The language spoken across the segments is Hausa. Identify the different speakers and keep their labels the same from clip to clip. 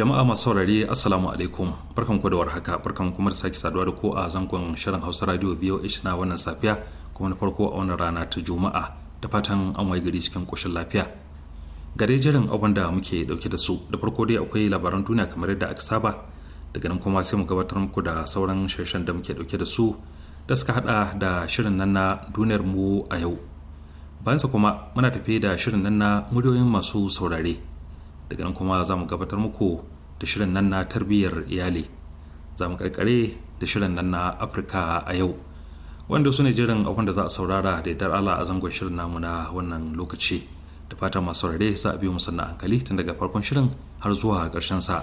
Speaker 1: jama'a masu saurari assalamu alaikum barkan ku da warhaka barkan kuma da sake saduwa da ko a zangon shirin hausa radio voh na wannan safiya kuma na farko a wannan rana ta juma'a da fatan an waye gari cikin koshin lafiya gare jerin abin da muke dauke da su da farko dai akwai labaran duniya kamar yadda aka saba daga nan kuma sai mu gabatar muku da sauran shirshen da muke dauke da su da suka hada da shirin nan na duniyar mu a yau bayan sa kuma muna tafe da shirin nan na muryoyin masu saurare daga nan kuma za mu gabatar muku da shirin nan na tarbiyyar iyali za mu karkare da shirin nan na afirka a yau wanda su ne jirin abin da za a saurara da dar ala a zangon shirin namu na wannan lokaci da fatan masu saurare za a biyo musanna hankali tun daga farkon shirin har zuwa ƙarshen sa.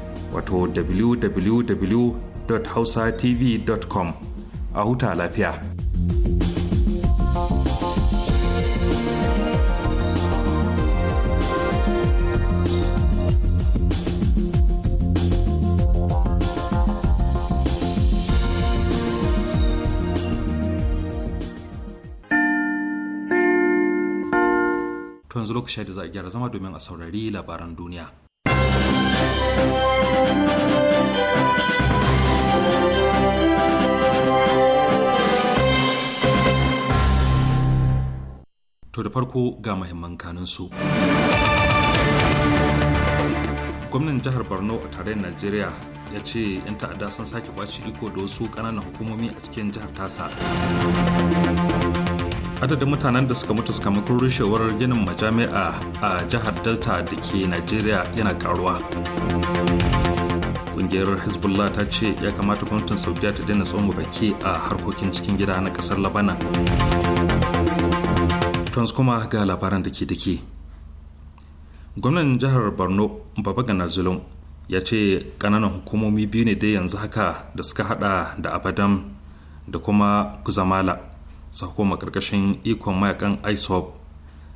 Speaker 1: wato www.hausatv.com a huta lafiya. To yanzu lokaci da za a gyara zama domin a saurari labaran duniya. To da farko ga mahimman kaninsu. Gwamnan jihar Borno a tarayyar Najeriya ya ce 'yan ta'adda sun sake bashi iko da wasu ƙananan hukumomi a cikin jihar tasa. adadin mutanen da suka mutu sakamakon rushewar ginin majami'a a jihar delta da ke najeriya yana karuwa Ƙungiyar hezbollah ta ce ya kamata gwamnatin saudiya ta daina tsoma baki a harkokin cikin gida na ƙasar labanan tons kuma ga labaran da ke dake gwamnan jihar borno Baba gana zulum ya ce ƙananan hukumomi biyu ne dai yanzu haka da suka hada da abadam da kuma kuzamala sakoma karkashin ikon mayakan isop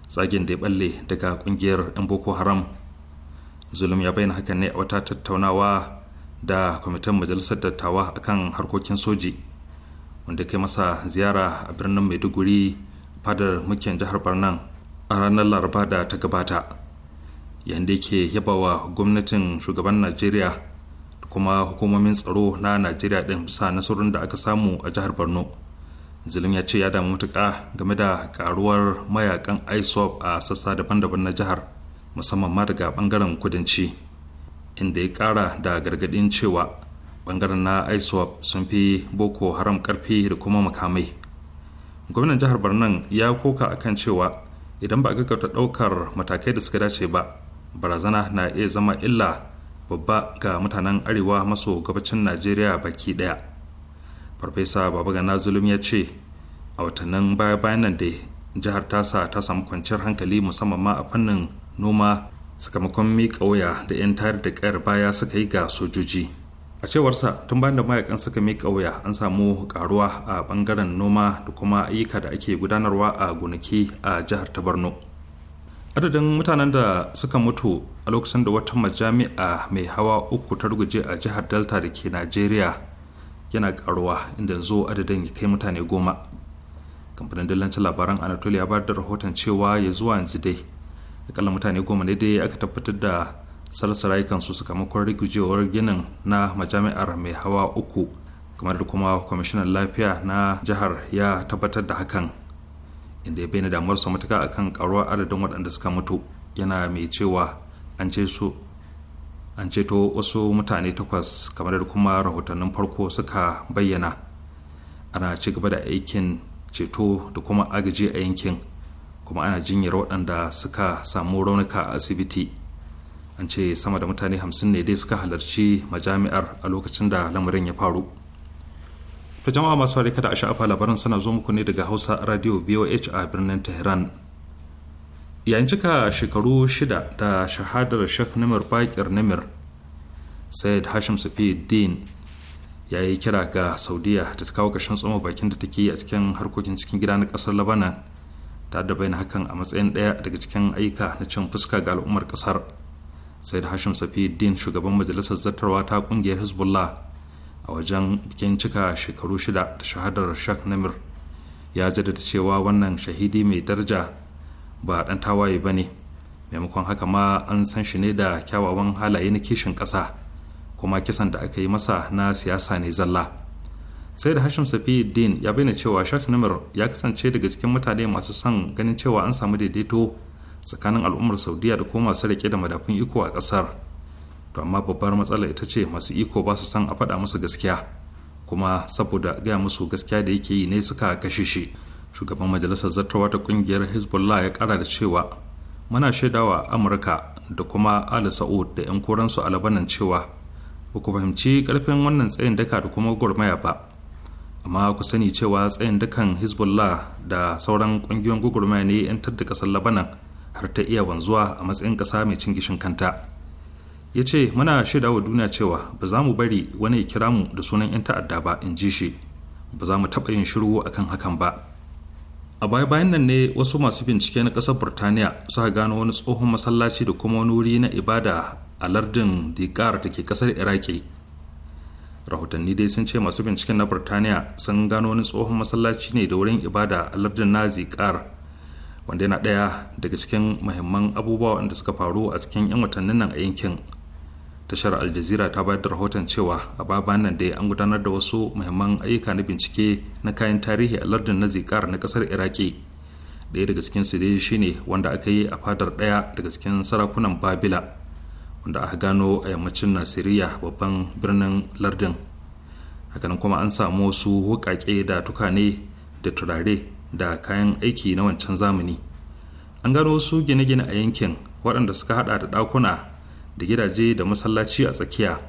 Speaker 1: tsagen da ya balle daga kungiyar 'yan boko haram zulum ya bayyana hakan ne a wata tattaunawa da kwamitin majalisar dattawa akan harkokin soji wanda kai masa ziyara a birnin maiduguri fadar mukin jihar barnan a ranar laraba da ta gabata yadda yake yabawa gwamnatin shugaban najeriya da kuma hukumomin tsaro na najeriya din bisa nasarorin da aka samu a jihar borno zulum ya ce ya damu matuƙa game da karuwar mayakan isop a sassa daban-daban na jihar musamman ma daga bangaren kudanci inda ya kara da gargaɗin cewa bangaren na isop sun fi boko haram karfi da kuma makamai gwamnan jihar barnan ya koka akan cewa idan ba a gaggauta ɗaukar matakai da suka dace ba barazana na iya zama illa babba ga mutanen arewa maso gabacin najeriya baki ɗaya. farfesa babagana zulum ya ce a watannin baya bayan nan dai jihar tasa ta samu kwanciyar hankali musamman ma a fannin noma sakamakon miƙa wuya da 'yan tayar da ƙayar baya suka yi ga sojoji a cewarsa tun bayan da mayakan suka miƙa wuya an samu karuwa a bangaren noma da kuma ayyuka da ake gudanarwa a gonaki a jihar ta borno adadin mutanen da suka mutu a lokacin da wata majami'a mai hawa uku ta ruguje a jihar delta da ke najeriya yana karuwa inda zo adadin ya kai mutane goma kamfanin dillancin labaran anatolia ya da rahoton cewa ya zuwa yanzu dai akalla mutane goma ne dai aka tabbatar da kan su sakamakon rigujewar ginin na majami'ar mai hawa uku kamar da kuma kwamishinan lafiya na jihar ya tabbatar da hakan inda ya bayyana damuwarsa matuka akan karuwar adadin waɗanda suka mutu yana mai cewa an ce su an ceto wasu mutane takwas kamar da kuma rahotannin farko suka bayyana ana ci gaba da aikin ceto da kuma agaji a yankin kuma ana jinyar waɗanda suka samu raunuka a asibiti an ce sama da mutane hamsin ne dai suka halarci majami'ar a lokacin da lamarin ya faru ta jama'a masu da a sha'afa labaran suna zo muku ne daga hausa radio boh a birnin tehran yayin cika shekaru shida da shahadar sheikh namir bakir namir said hashim din ya yi kira ga saudiya da ta kawo ƙarshen tsoma bakin da take yi a cikin harkokin cikin gida na kasar labanan ta da bayan hakan a matsayin ɗaya daga cikin aika na cin fuska ga al'ummar kasar said hashim din shugaban majalisar zartarwa ta kungiyar hezbollah a wajen bikin cika shekaru shida da shahadar shak namir ya jaddada cewa wannan shahidi mai daraja ba ɗan tawaye ba ne maimakon haka ma an san shi ne da kyawawan halaye na kishin ƙasa kuma kisan da aka yi masa na siyasa ne zalla sai da hashim safi din ya bayyana cewa shak namir ya kasance daga cikin mutane masu son ganin cewa an samu daidaito tsakanin al'ummar saudiya da kuma masu rike da madafun iko a ƙasar to amma babbar matsala ita ce masu iko ba su san a faɗa musu gaskiya kuma saboda gaya musu gaskiya da yake yi ne suka kashe shi shugaban majalisar zartawa ta kungiyar hezbollah ya kara da cewa muna shaidawa amurka da kuma ali sa'ud da 'yan koransu a labanan cewa ba ku fahimci karfin wannan tsayin daka da kuma gwagwarmaya ba amma ku sani cewa tsayin dakan hezbollah da sauran kungiyoyin gwagwarmaya ne 'yantar da kasar labanan har ta iya wanzuwa a matsayin kasa mai cin gishin kanta ya ce muna shaida wa duniya cewa ba za mu bari wani ya kira mu da sunan 'yan ta'adda ba in ji shi ba za mu taɓa yin shiru akan hakan ba a baya bayan nan ne wasu masu bincike na kasar burtaniya suka gano wani tsohon masallaci da kuma wani wuri na ibada a lardin dikar da ke kasar iraki rahotanni dai sun ce masu binciken na burtaniya sun gano wani tsohon masallaci ne da wurin ibada a lardin na zikar wanda yana daya daga cikin muhimman abubuwa wanda suka faru a cikin 'yan watannin nan a yankin tashar aljazira ta bayar da rahoton cewa a baban nan dai an gudanar da wasu muhimman ayyuka na bincike na kayan tarihi a lardin na zikar na kasar iraki daya daga cikin su dai shine wanda aka yi a fadar ɗaya daga cikin sarakunan babila wanda aka gano a yammacin nasiriya babban birnin lardin hakanan kuma an samu wasu wuƙaƙe da tukane da turare da kayan aiki na wancan zamani an gano wasu gine-gine a yankin waɗanda suka haɗa da ɗakuna da gidaje da masallaci a tsakiya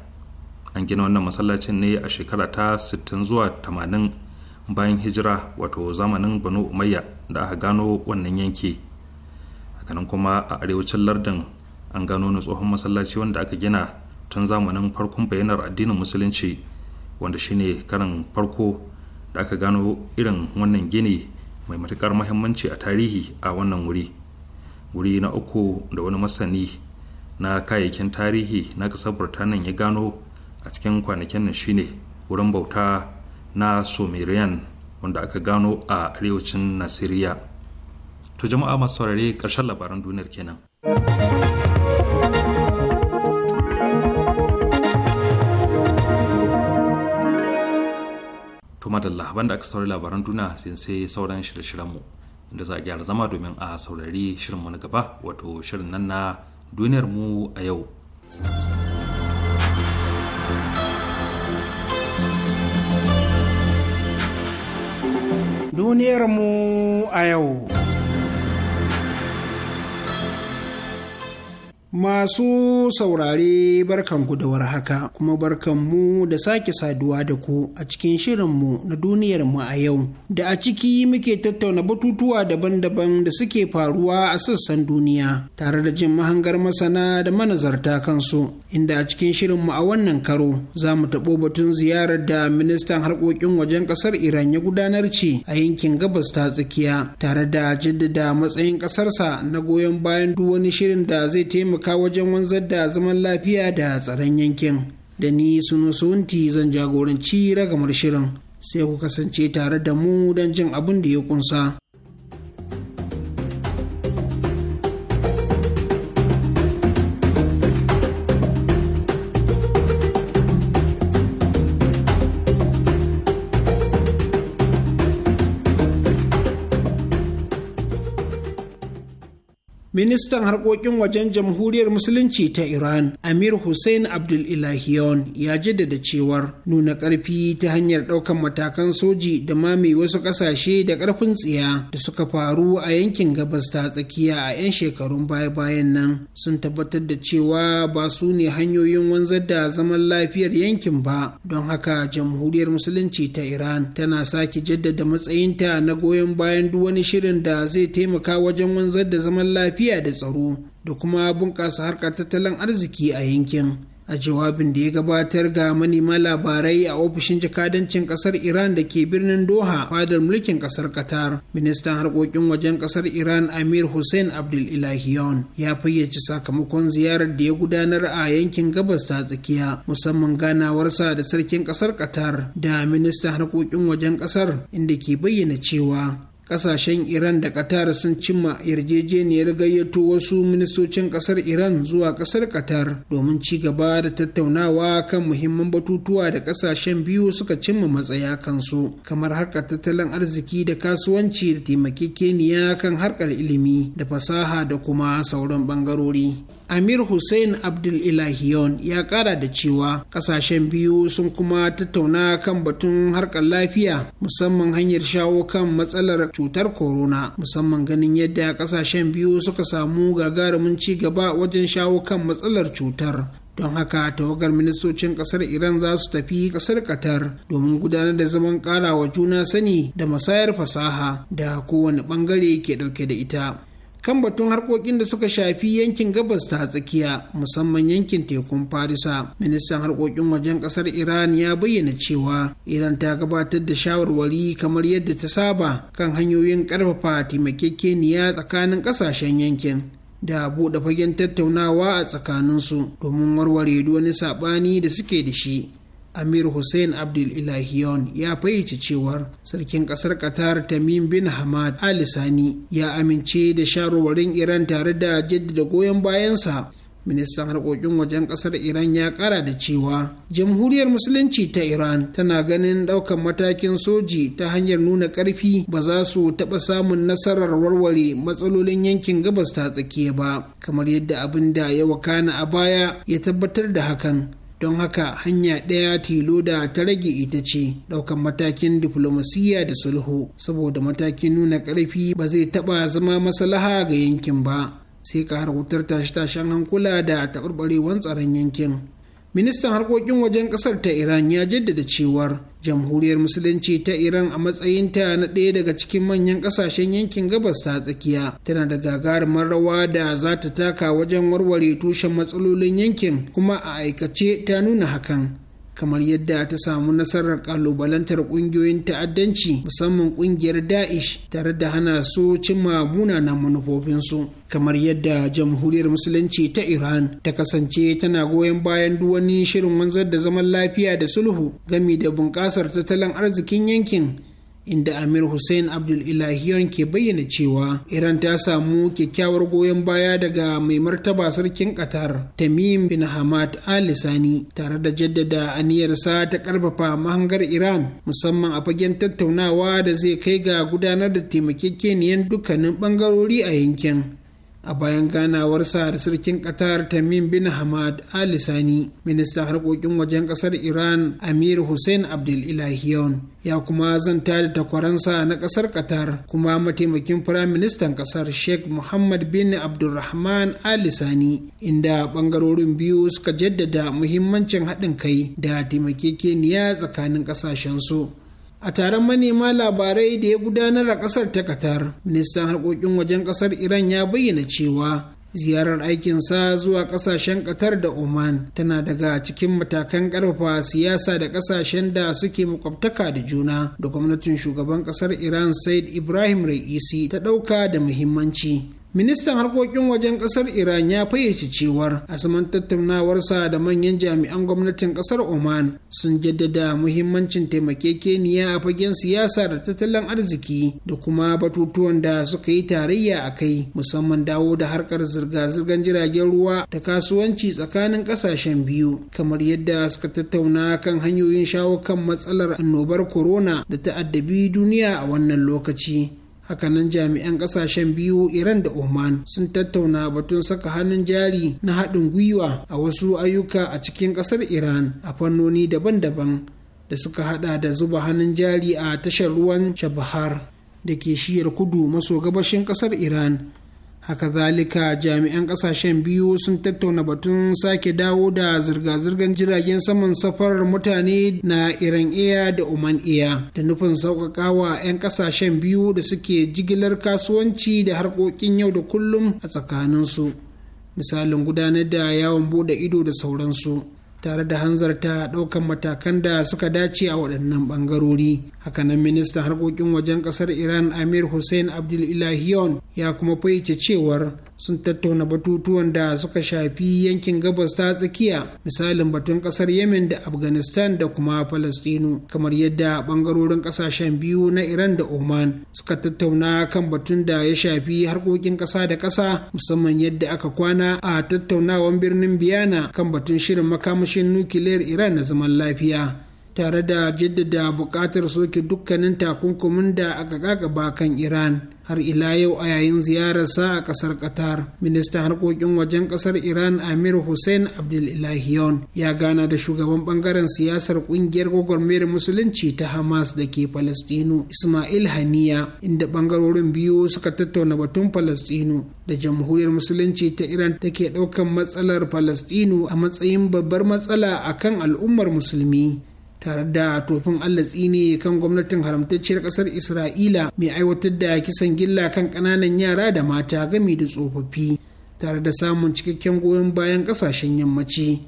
Speaker 1: an gina wannan masallacin ne a shekara ta 60 zuwa 80 bayan hijira wato zamanin banu umayya da aka gano wannan yanki hakanan kuma a arewacin lardin an gano wani tsohon masallaci wanda aka gina tun zamanin farkon bayanar addinin musulunci wanda shine karan farko da aka gano irin wannan gini mai matuƙar muhimmanci a tarihi a wannan wuri wuri na uku da wani masani na kayayyakin tarihi na ƙasar burtaniya ya gano a cikin kwanakin nan shine wurin bauta na sumerian wanda aka gano a arewacin nasiriya to jama'a masu saurare ƙarshen labaran duniyar kenan to madalla banda aka saurari labaran duniya sai sauran shirye-shiryenmu inda za a gyara zama domin a saurari shirinmu na gaba wato shirin nan na duniyar mu a yau.
Speaker 2: Duniyar mu a yau.
Speaker 3: Masu saurare barkanku da warhaka kuma barkanmu da sake saduwa da ku a cikin shirinmu na duniyarmu a yau da a ciki muke tattauna batutuwa daban-daban da suke faruwa a sassan duniya tare da jin mahangar masana da manazarta kansu inda a cikin shirinmu a wannan karo za mu taɓo batun ziyarar da ministan harkokin wajen ƙasar Iran ya gudanar ce a yankin gabas ta tsakiya tare da jaddada matsayin ƙasarsa na goyon bayan duk wani shirin da zai taimaka taimaka wajen wanzar da zaman lafiya da tsaron yankin da ni suno sunti zan jagoranci ragamar shirin sai ku kasance tare da mu don jin abin da ya kunsa. ministan harkokin wajen jamhuriyar musulunci ta iran amir hussein abdul ilahiyon ya jaddada cewar nuna karfi ta hanyar daukan matakan soji da mame wasu kasashe da karfin tsiya da suka faru a yankin gabas ta tsakiya a 'yan shekarun baya-bayan nan sun tabbatar da cewa ba su ne hanyoyin wanzar da zaman lafiyar yankin ba don haka jamhuriyar musulunci ta iran tana sake jaddada matsayinta na goyon bayan duk wani shirin da zai taimaka wajen wanzar da zaman lafiya lafiya da tsaro da kuma bunƙasa harkar tattalin arziki a yankin a jawabin da ya gabatar ga manema labarai a ofishin jakadancin kasar iran da ke birnin doha fadar mulkin kasar qatar ministan harkokin wajen kasar iran amir hussein abdul ilahiyon ya fayyace sakamakon ziyarar da ya gudanar a yankin gabas ta tsakiya musamman ganawarsa da sarkin kasar qatar da ministan harkokin wajen kasar inda ke bayyana cewa kasashen iran da qatar sun cimma yarjejeniyar gayyato wasu ministocin kasar iran zuwa kasar qatar domin ci gaba da tattaunawa kan muhimman batutuwa da kasashen biyu suka cimma matsaya kansu kamar harkar tattalin arziki da kasuwanci da taimakekeniya kan harkar ilimi da fasaha da kuma sauran bangarori Amir Hussein Abdul Ilahiyon ya kara da cewa kasashen biyu sun kuma tattauna kan batun harkar lafiya musamman hanyar shawo kan matsalar cutar corona musamman ganin yadda kasashen biyu suka samu gagarumin ci gaba wajen shawo kan matsalar cutar don haka tawagar ministocin kasar iran za su tafi kasar qatar domin gudanar da zaman wa juna sani da masayar fasaha da kowane bangare ke dauke da ita kan batun harkokin da suka shafi yankin gabas ta tsakiya musamman yankin tekun farisa ministan harkokin wajen kasar iran ya bayyana cewa iran ta gabatar da shawarwari kamar yadda ta saba kan hanyoyin karfafa taimakekeniya tsakanin kasashen yankin da buɗe fagen tattaunawa a tsakaninsu domin warware wani saɓani da suke da shi amir hussein abdul ilahiyon ya fayyace cewar sarkin kasar qatar tamim bin hamad ali sani ya amince da shawarwarin iran tare da jaddada goyon bayansa ministan harkokin wajen kasar iran ya kara da cewa jamhuriyar musulunci ta iran tana ganin daukan matakin soji ta hanyar nuna karfi ba za su taɓa samun nasarar warware matsalolin yankin gabas ta tsakiya ba kamar yadda abin da ya wakana a baya ya tabbatar da hakan don haka hanya ɗaya tilo da ta rage ita ce ɗaukan matakin diflomasiyya da sulhu saboda matakin nuna ƙarfi ba zai taɓa zama maslaha ga yankin ba sai ka wutar tashe-tashen hankula da taɓarɓarewar tsaron yankin ministan harkokin wajen ƙasar ta iran ya jaddada cewar jamhuriyar musulunci ta iran a matsayinta na ɗaya daga cikin manyan ƙasashen yankin gabas ta tsakiya tana da gagarumar rawa da za ta taka wajen warware tushen matsalolin yankin kuma a aikace ta nuna hakan kamar yadda ta samu nasarar kalubalantar kungiyoyin ta'addanci musamman kungiyar da'ish tare da hana su cimma munanan manufofinsu kamar yadda jamhuriyar musulunci ta iran ta kasance tana goyon bayan duk wani shirin wanzar da zaman lafiya da sulhu gami da bunƙasar tattalin arzikin yankin inda amir hussein abdul ilahiyon ke bayyana cewa iran ta samu kyakkyawar goyon baya daga mai martaba sarkin qatar tamim bin hamad al sani tare da jaddada aniyarsa ta karfafa mahangar iran musamman a fagen tattaunawa da zai kai ga gudanar da taimakekeniyan dukkanin bangarori a yankin a bayan ganawarsa da sarkin qatar tamim bin hamad alisani sani ministan harkokin wajen kasar iran amir hussein abdul ilahiyon ya kuma zanta da takwaransa na kasar qatar kuma mataimakin firaministan kasar sheikh muhammad bin abdulrahman alisani inda bangarorin biyu suka jaddada muhimmancin haɗin kai da taimakekeniya tsakanin su. a taron manema labarai da ya gudanar a kasar ta qatar ministan harkokin wajen kasar iran ya bayyana cewa ziyarar aikinsa zuwa kasashen qatar da oman tana daga cikin matakan ƙarfafa siyasa da kasashen da suke makwabtaka da juna da gwamnatin shugaban kasar iran said ibrahim ra'isi ta ɗauka da muhimmanci ministan harkokin wajen kasar iran ya fayyace cewar asaman tattaunawarsa da manyan jami'an gwamnatin kasar oman sun jaddada muhimmancin taimakekeniya a fagen siyasa da tattalin arziki da kuma batutuwan da suka yi tarayya a kai musamman dawo da harkar zirga-zirgar jiragen ruwa da kasuwanci tsakanin kasashen biyu kamar yadda suka tattauna kan hanyoyin shawo kan matsalar annobar corona da ta'addabi duniya a wannan lokaci hakanan jami'an kasashen biyu iran da oman sun tattauna batun saka hannun jari na haɗin gwiwa a wasu ayyuka a cikin ƙasar iran a fannoni daban-daban da suka hada da zuba hannun jari a tashar ruwan shabahar da ke shiyar kudu maso gabashin ƙasar iran haka zalika jami'an kasashen biyu sun tattauna batun sake dawo da zirga-zirgar jiragen saman safarar mutane na iran iya da oman iya da nufin sauƙaƙawa 'yan kasashen biyu da suke jigilar kasuwanci da harkokin yau da kullum a tsakaninsu misalin gudanar da yawon bude ido da sauransu tare da hanzarta ɗaukan matakan da suka dace a waɗannan ɓangarori hakanan ministan harkokin wajen kasar iran amir hussein abdul ilahiyon ya kuma fahimci cewar sun tattauna batutuwan da suka shafi yankin gabas ta tsakiya misalin batun kasar yemen da afghanistan da kuma palestinu kamar yadda bangarorin kasashen biyu na iran da oman suka tattauna kan batun da ya shafi harkokin kasa da kasa musamman yadda aka kwana a tattaunawan birnin biyana kan batun shirin makamashin nukiliyar iran na zaman lafiya tare da jaddada buƙatar soke dukkanin takunkumin da aka gagaba kan iran har ila yau a yayin ziyararsa a kasar qatar ministan harkokin wajen kasar iran amir hussein abdulilahiyon ya gana da shugaban bangaren siyasar kungiyar gwagwarmayar musulunci ta hamas da ke palestino ismail haniya inda bangarorin biyu suka tattauna batun palestino da jamhuriyar musulunci ta iran take ɗaukan matsalar palestino a matsayin babbar matsala akan al'ummar musulmi tare da tofin Allah tsine kan gwamnatin haramtacciyar kasar Isra'ila mai aiwatar da kisan gilla kan kananan yara da mata gami da tsofaffi tare da samun cikakken goyon bayan kasashen yammaci.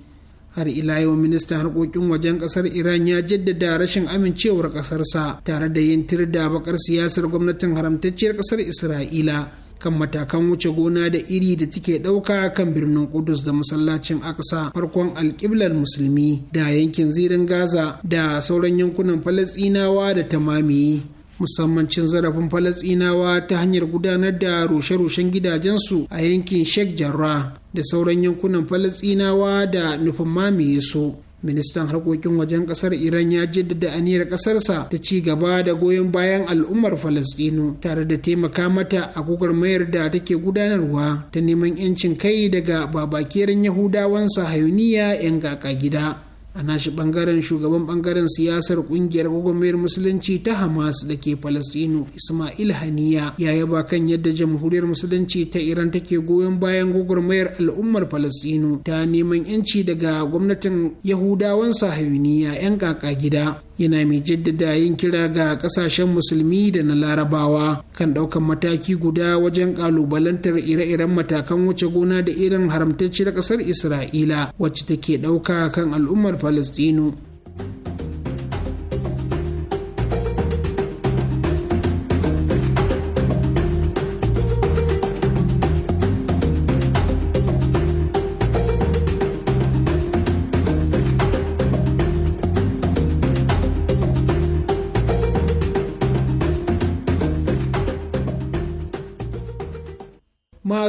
Speaker 3: Har ila yau ministan harkokin wajen kasar Iran ya jaddada rashin amincewar kasarsa. tare da yin tir da bakar siyasar gwamnatin haramtacciyar kasar Isra'ila. kan matakan wuce gona da iri da take ɗauka kan birnin Kudus da masallacin Aksa farkon alƙiblar musulmi da yankin zirin Gaza da sauran yankunan falasinawa da tamami. musamman cin zarafin falasinawa ta hanyar gudanar da rushe-rushen gidajensu a yankin sheikh jarrah da sauran yankunan falasinawa da nufin mamaye su ministan harkokin wajen kasar iran ya jaddada aniyar kasarsa ta ci gaba da goyon bayan al'ummar Falasɗinu, tare da taimaka mata a mayar da take gudanarwa ta neman 'yancin kai daga babakeren yahudawan sahayuniya 'yan kaka gida a nashi bangaren shugaban bangaren siyasar kungiyar gwagwarmayar musulunci ta hamas da ke palestino ismail haniya ya yaba kan yadda jamhuriyar musulunci ta iran take goyon bayan gwagwarmayar al'ummar palestino ta neman yanci daga gwamnatin yahudawan sahiyuniya 'yan kaka gida yana mai jaddada yin kira ga kasashen musulmi da na larabawa kan ɗaukan mataki guda wajen ƙalubalantar ire-iren matakan wuce gona da irin haramtacciyar kasar isra'ila wacce take ɗauka kan al'ummar falastinu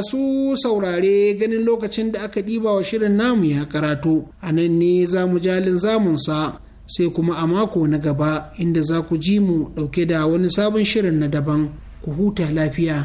Speaker 3: masu saurare ganin lokacin da aka ɗiba wa shirin namu ya karatu a nan ne za mu jalin zamunsa sai kuma a mako na gaba inda za ku ji mu ɗauke da wani sabon shirin na daban ku huta lafiya.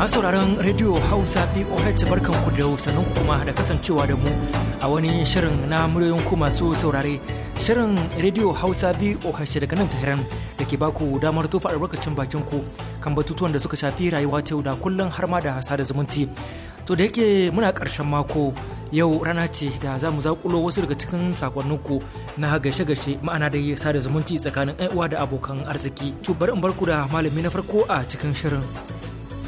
Speaker 4: masu sauraron rediyo hausa voh barkan ku da sannan kuma da kasancewa da mu a wani shirin na muryoyin ku masu saurare shirin rediyo hausa voh daga nan tahiran da ke baku damar tofa albarkacin bakin ku kan batutuwan da suka shafi rayuwa ta yau da kullum har ma da hasa da zumunci to da yake muna karshen mako yau rana ce da za mu zakulo wasu daga cikin sakonninku na gashe-gashe ma'ana da yi sada zumunci tsakanin uwa da abokan arziki to bari in barku da malami na farko a cikin shirin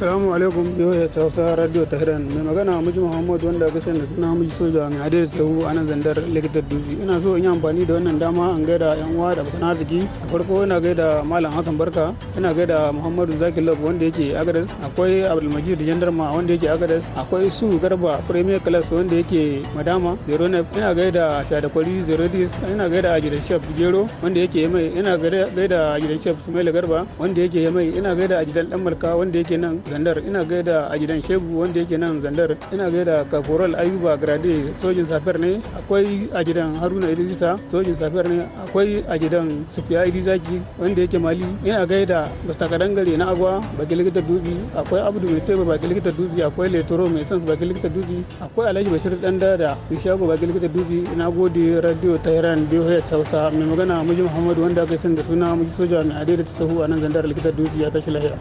Speaker 5: Assalamu alaikum biyoyi ta Hausa Radio Tehran mai magana muji Muhammad wanda ga sani suna miji soja mai adai sahu a nan zandar likitar duzi Ina so in yi amfani da wannan dama an gaida yan uwa da bakan arziki. A farko ina gaida Malam Hassan Barka, ina gaida Muhammadu Zaki Lab wanda yake Agadas, akwai Abdulmajid Jandarma wanda yake Agadas, akwai Su Garba Premier Class wanda yake Madama Zero ina gaida Shadakwari Zero Dis, ina gaida Ajidan Shef Gero wanda yake Yamai, ina gaida Ajidan Shef Sumaila Garba wanda yake Yamai, ina gaida Ajidan Dan Malka wanda yake nan zandar ina gaida a gidan shegu wanda yake nan zandar ina gaida kaforal ayuba grade sojin safiyar ne akwai a gidan haruna idrisa sojin safiyar ne akwai a gidan sufiya idrisaki wanda yake mali ina gaida mr kadangare na agwa bakin likita dutse akwai abdu mai teba bakin likita dutse akwai letoro mai sans bakin likita dutse akwai alhaji bashir dan dada mai shago bakin likita dutse ina gode radio tehran biyu sausa mai magana muji muhammadu wanda aka sani da suna muji soja mai adai da sahu a nan zandar likita dutse ya tashi lahiya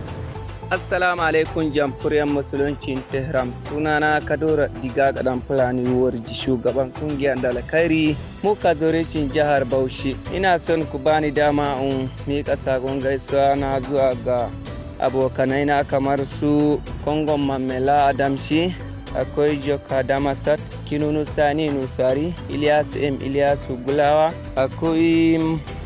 Speaker 6: Assalamu alaikum jamhuriyar musuluncin Tehran sunana Kadora Diga Kadan Fulani Warji shugaban kungiyar Dalakari mu Kadorecin jihar Bauchi ina son ku bani dama in miƙa sakon gaisuwa na zuwa ga abokanai na kamar su Kongon Mamela Adamshi akwai joka damasat kinunu sani nusari ilyasu m ilyasu gulawa akwai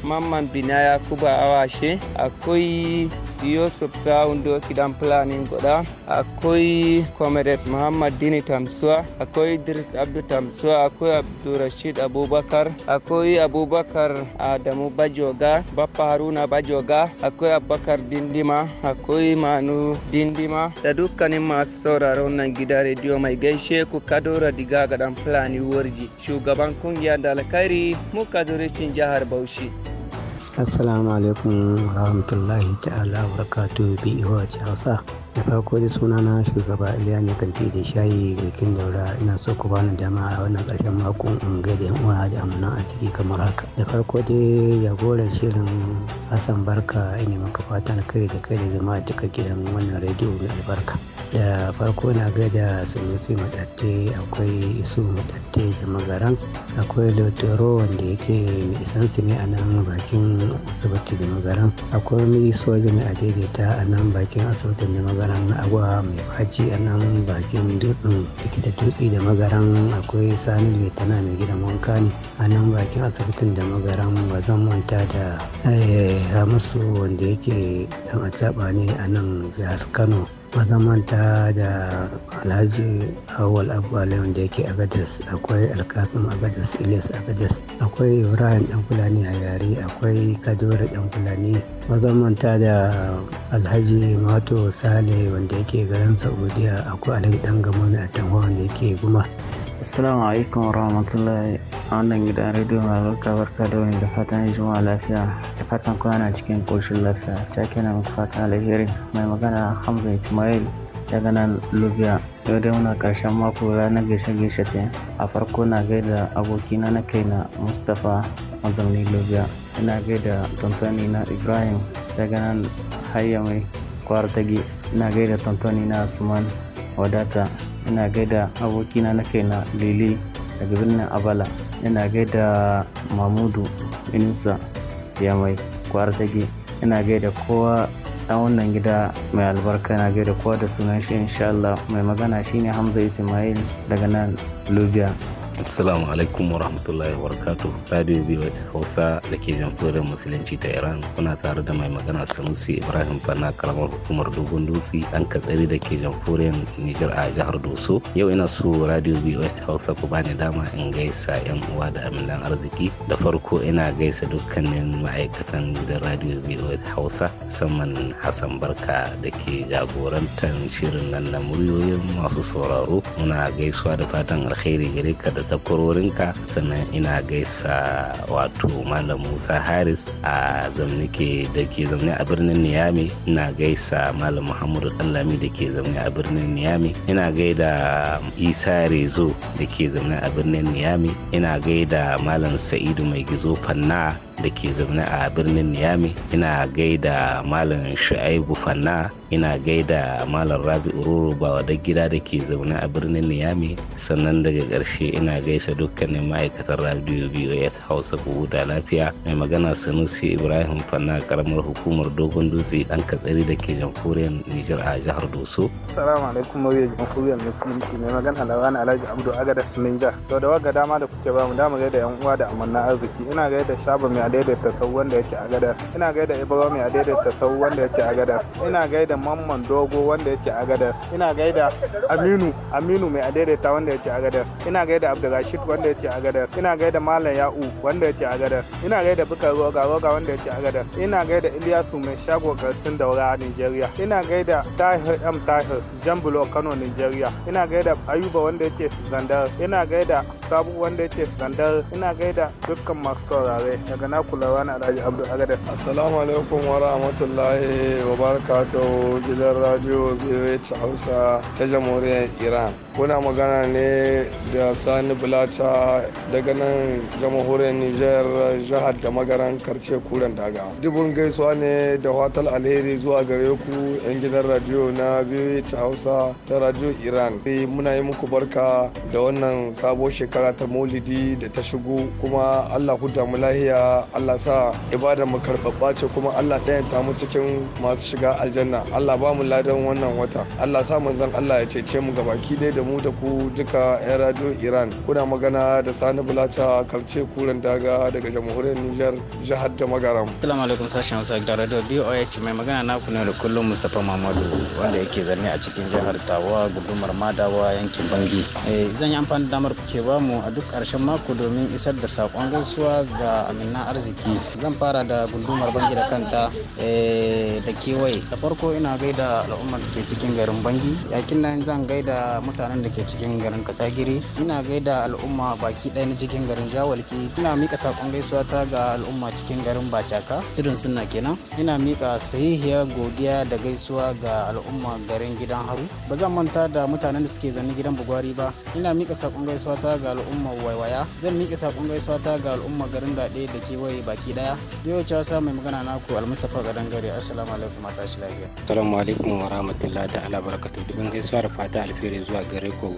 Speaker 6: mamman binaya kuba awashe akwai yusuf sawundo kidan fulani goda akwai comrade muhammad dini tamsuwa akwai idris abdu tamsuwa akwai abdurashid abubakar akwai abubakar adamu bajoga bappa haruna bajoga akwai abubakar dindima akwai manu dindima da dukkanin masu sauraron nan gida rediyo mai gaishe ku kadora diga ga dan fulani warji shugaban kungiyar da alkhairi muka jihar bauchi
Speaker 7: assalamu alaikum warahmatullahi ta'ala barakatuhu bi iwaci hausa Da farko da na shugaba Iliya ne kanti da shayi garkin daura ina so ku bani dama a wannan ƙarshen makon in ga da uwa da amana a ciki kamar haka. Da farko dai gore shirin Hassan Barka ina maka fatan kai da kai da jama'a cika gidan wannan rediyo mai albarka. Da farko na ga da Sunusi Madatte akwai Isu Madatte da Magaran akwai Lotero wanda yake mai su ne a nan bakin asibiti da Magaran akwai Miliso da mai adaidaita a nan bakin asibitin da Magaran magaran agwa mai faci a nan bakin dutsen likita dutse da magaran akwai sani tana mai gidan wanka ne a nan bakin asibitin da magaran ba zan manta da eh, hamisu wanda yake dan a ne a nan jihar kano mazamanta da alhaji awal abu alayyar da yake agadas akwai alkasim agadas ilis agadas akwai ibrahim dan fulani a yare akwai kadora dan fulani mazamanta da alhaji mato sale wanda yake garin saudiya akwai alhaji dan gamoni a tanwa wanda yake guma Assalamu alaikum warahmatullahi a wannan gidan rediyo mai albarka barka da wani da fatan zuwa lafiya da fatan kuna na cikin koshin lafiya ta kena muku fatan alheri mai magana hamza ismail daga nan Lubiya yau dai muna karshen mako ranar gaishe gaishe ce a farko na gaida abokina na kaina mustapha mazauni Lubiya ina gaida tantoni na ibrahim daga nan hayyami kwarta kwartage ina gaida tantoni na suman wadata ina gaida abokina na kaina lele daga birnin abala ina gaida mamudu inusa ya mai kwar tage ina gaida kowa dan wannan gida mai albarka na gaida kowa da sunan shi insha Allah mai magana shine Hamza Ismail daga nan
Speaker 8: Lubia Assalamu alaikum wa rahmatullahi wa barakatu. Radio Biwet Hausa da ke jamfurin Musulunci ta Iran kuna tare da mai magana Sanusi Ibrahim Fana karamar hukumar Dogon Dutse an katsari da ke jamfurin Nijar a jihar Doso. Yau ina so Radio Biwet Hausa ku bani dama in gaisa yan uwa da aminan arziki. Da farko ina gaisa dukkanin ma'aikatan gidan Radio Biwet Hausa musamman Hassan Barka da ke jagorantar shirin nan na muryoyin masu sauraro. Muna gaisuwa da fatan alkhairi gare ka da takwarorinka sannan ina gaisa wato malam musa haris a zamnike da ke zaune a birnin niyami ina gaisa malam muhammadu dallami da ke zaune a birnin niyami ina gaida isa rezo da ke zaune a birnin niyami ina gaida malam sa'idu mai gizo fanna da ke zaune a birnin Niyami. Ina gaida Malam Shu'aibu Fanna, ina gaida Malam Rabi Ururu wa da gida da ke zaune a birnin Niyami. Sannan daga ƙarshe ina gaisa dukkanin ma'aikatan Radio BOS Hausa ku huta lafiya. Mai magana Sanusi Ibrahim Fanna karamar hukumar Dogon Dutse ɗan katsari da ke jamhuriyar Nijar a jihar Doso.
Speaker 5: Assalamu alaikum mawuyar jamhuriyar Musulunci mai magana Lawan Alhaji Abdu Agada Sininja. Sau da waga dama da kuke ba mu dama gaida 'yan uwa da amanna arziki ina gaida Shaba mai adaidaita sau wanda yake a gadas ina gaida ibrahim a daidaita sau wanda yake a gadas ina gaida mamman dogo wanda yake a gadas ina gaida aminu aminu mai adaidaita wanda yake a gadas ina gaida abdulrashid wanda yake a gadas ina gaida malam ya'u wanda yake a gadas ina gaida bukar roga roga wanda yake a gadas ina gaida ilyasu mai shago kartun daura a nigeria ina gaida tahir m tahir jambulo kano nigeria ina gaida ayuba wanda yake zandar ina gaida sabu wanda yake zandar ina gaida dukkan masu saurare daga na kulawa na alhaji abdu agadas
Speaker 9: assalamu alaikum wa rahmatullahi wa barakatuhu gidan radio bh hausa ta jamhuriyar iran kuna magana ne da sani bulacha daga nan jamhuriyar niger jihar da magaran karce kuren daga dubun gaisuwa ne da watal alheri zuwa gare ku yan gidan radio na bh hausa ta radio iran e, muna yi muku barka da wannan sabon shekara ta maulidi da ta shigo kuma allah huda mu lahiya Allah sa ibadar mu karɓaɓɓa ce kuma Allah ɗayan ta mu cikin masu shiga aljanna Allah ba mu ladan wannan wata Allah sa manzon Allah ya cece mu gabaki dai da mu da ku duka 'yan radio Iran kuna magana da Sani Bulacha Karce Kuren Daga daga jamhuriyar Nijar jihar da Magaram.
Speaker 7: Assalamu alaikum sashen Hausa da radio BOH mai magana na ne da kullum Mustapha
Speaker 3: Mamadu wanda yake zanne a cikin jihar Tawa gudumar Madawa yankin Bangi. Eh, zan yi amfani da damar kuke bamu a duk ƙarshen mako domin isar da saƙon gaisuwa ga Amina arziki zan fara da gundumar bangi da kanta eh, da kewaye da farko ina gaida al'ummar da ke cikin garin bangi yakin nan zan gaida mutanen da ke cikin garin katagiri ina gaida al'umma baki ɗaya na cikin garin jawalki ina mika sakon gaisuwa ta ga al'umma cikin garin bacaka tudun suna kenan ina mika sahihiyar godiya da gaisuwa ga al'umma garin gidan haru ba zan manta da mutanen da suke zanne gidan bugwari ba ina mika sakon gaisuwa ta ga al'umma waiwaya zan mika sakon gaisuwa ta ga al'umma garin daɗe da kewaye kawai baki daya. Yau ta mai magana naku Almustafa Gadan Gari. Assalamu alaikum mata tashi lafiya.
Speaker 7: Assalamu alaikum wa rahmatullahi ta'ala barakatuh. Dubin gaisuwa da fata alheri zuwa gare ku.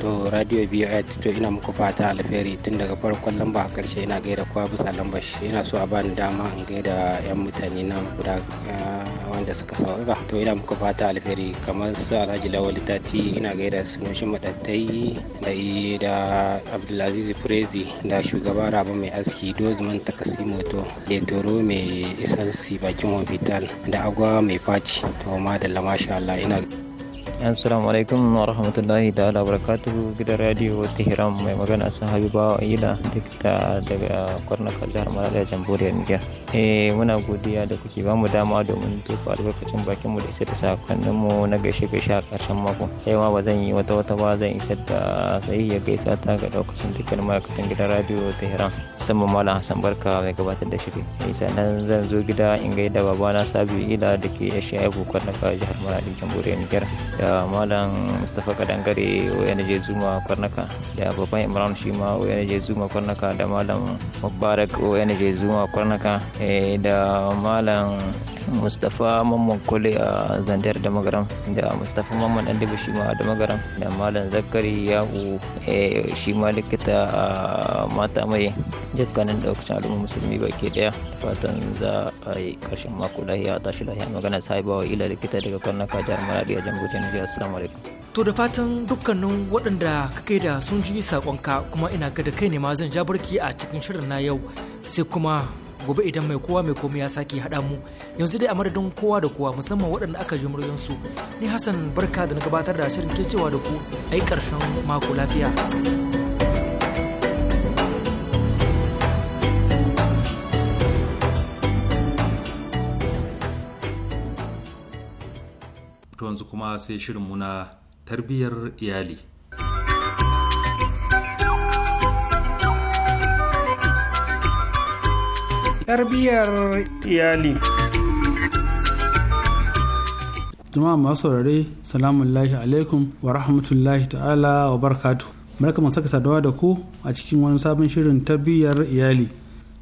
Speaker 7: To radio a to ina muku fata alheri tun daga farkon lamba a karshe ina gaida kowa bisa lambar shi. Ina so a bani dama in gaida 'yan mutane na guda wanda suka sauka to ina muku fata alheri kamar su alhaji lawal tati ina gaida su nushin madattai da da abdulaziz furezi da shugaba rabu mai aski dozman takasimo to letoro mai isansi bakin hospital da agwa mai faci to ma da lamasha Allah ina
Speaker 10: assalamu alaikum wa rahmatullahi ta'ala barakatuhu gidan radio tehran mai magana sun habiba wa ila dikta daga kwarnakan jihar jambore jamhuriyar niger eh muna godiya da kuke mu dama domin tofa albarkacin bakin mu da isa da sakonnin mu na gaishe gaishe a karshen mako kai ma ba zan yi wata wata ba zan isa da sai ya gaisa ta ga lokacin dukkan ma'aikatan gidan radio tehran sannan malam hassan barka mai gabatar da shiri eh, sannan zan zo gida in gaida babana sabi ila da ke ya shi aiko kwarnakan jihar malaya jamhuriyar niger da da malam mustapha kadangare wayan zuma kwarnaka da babban imran shi ma wayan zuma kwarnaka da malam mubarak wayan zuma kwarnaka eh, da malam mustapha mamman kole a zandar da magaram da mustapha mamman dan dubu shi ma da damagaram da malam zakari yahu eh, shi ma likita a mata mai dukkanin daukacin al'umma musulmi baki daya fatan za a yi karshen mako lahiya tashi lahiya magana sahiba wa ila likita daga karnuka jihar maradi a jamhuriyar nigeria assalamu alaikum
Speaker 4: to da fatan dukkanin waɗanda ka da sun ji saƙonka kuma ina ga da kai ne ma zan ja barki a cikin shirin na yau sai kuma gobe idan mai kowa mai komai ya sake haɗa mu yanzu dai a madadin kowa da kowa musamman waɗanda aka ji su ni hassan barka da na gabatar da shirin ke cewa da ku a yi ƙarshen mako lafiya
Speaker 1: to yanzu kuma sai shirin muna tarbiyyar iyali
Speaker 3: tarbiyyar iyali
Speaker 2: jama'a masu saurare salamun lahi alaikum wa rahmatullahi ta'ala wa barkatu barka saka saduwa da ku a cikin wani sabon shirin tarbiyyar iyali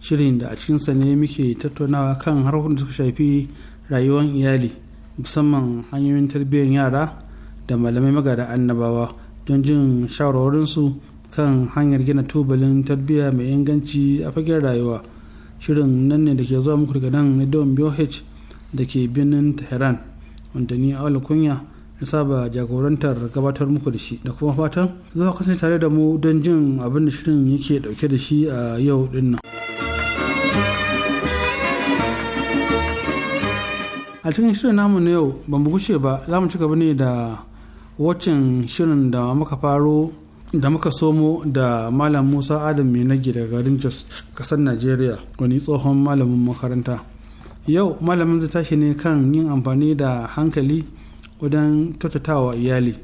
Speaker 2: shirin da a cikinsa ne muke tattaunawa kan harkokin da suka shafi rayuwar iyali musamman hanyoyin tarbiyyar yara da malamai magada annabawa don jin shawarwarinsu kan hanyar gina tubalin tarbiyya mai inganci a fagen rayuwa shirin nan ne da ke zuwa muku daga nan don boh da ke birnin tehran wanda ni awal kunya na saba jagorantar gabatar muku da shi da kuma fatan zuwa kasance tare da mu don jin abin da shirin yake dauke da shi a yau dinnan. a cikin shirin namu na yau ban bugu ba za mu ci gaba ne da wacin shirin da muka faro da muka somo da malam musa adam mai nage daga garin jos kasar najeriya wani tsohon malamin makaranta yau malamin zai tashi ne kan yin amfani da hankali wajen kyautatawa iyali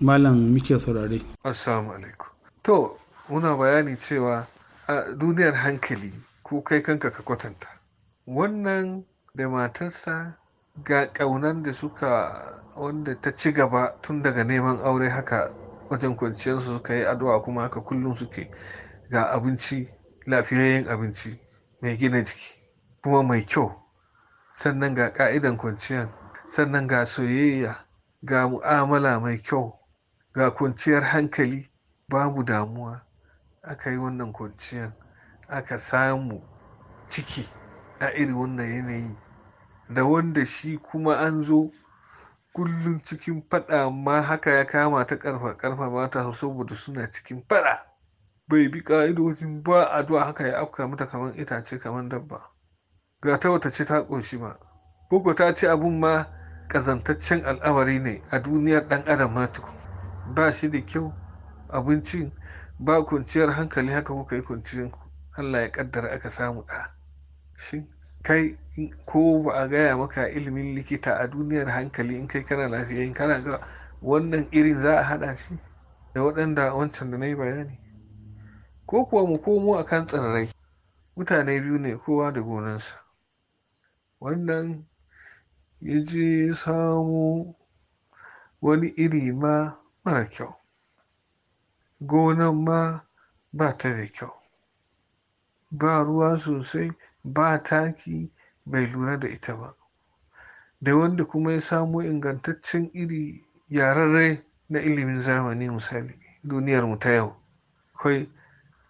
Speaker 2: malam muke saurare assalamu alaikum
Speaker 11: to muna bayani cewa a duniyar hankali ko kai kanka ka kwatanta wannan da matarsa ga ƙaunar da suka wanda ta ci gaba tun daga neman aure haka lokacin kwanciyarsu suka yi addu'a kuma haka kullum suke ga abinci lafiyayyen abinci mai gina jiki kuma mai kyau sannan ga ka'idan kwanciyar sannan ga soyayya ga mu'amala mai kyau ga kwanciyar hankali babu damuwa aka yi wannan kwanciyar aka samu ciki a irin wannan yanayi da wanda shi kuma an zo kullum cikin faɗa ma haka ya kama ta karfa karfa mata ta saboda suna cikin faɗa bai bi ka'idojin ba addu'a haka ya afka mata kamar itace kamar dabba ga ta wata ce ta ƙunshi ba boko ta ce abun ma ƙazantaccen al'amari ne a duniyar ɗan adam ma ba shi da kyau abincin ba kwanciyar hankali haka kuka yi kwanciyar Allah ya ƙaddara aka samu ɗa shi kai ko ba a gaya maka ilimin likita a duniyar hankali in kai kana lafiya in kana ga wannan irin za a haɗa shi da waɗanda wancan da na yi bayani ko kuwa mu komo a kan tsirrai mutane biyu ne kowa da gonansa wannan ya je samo wani iri ma mara kyau gonan ma ba ta da kyau ba ruwa sosai ba taki bai lura da ita ba da wanda kuma ya samo ingantaccen iri yararre na ilimin zamani misali duniyar mu ta yau akwai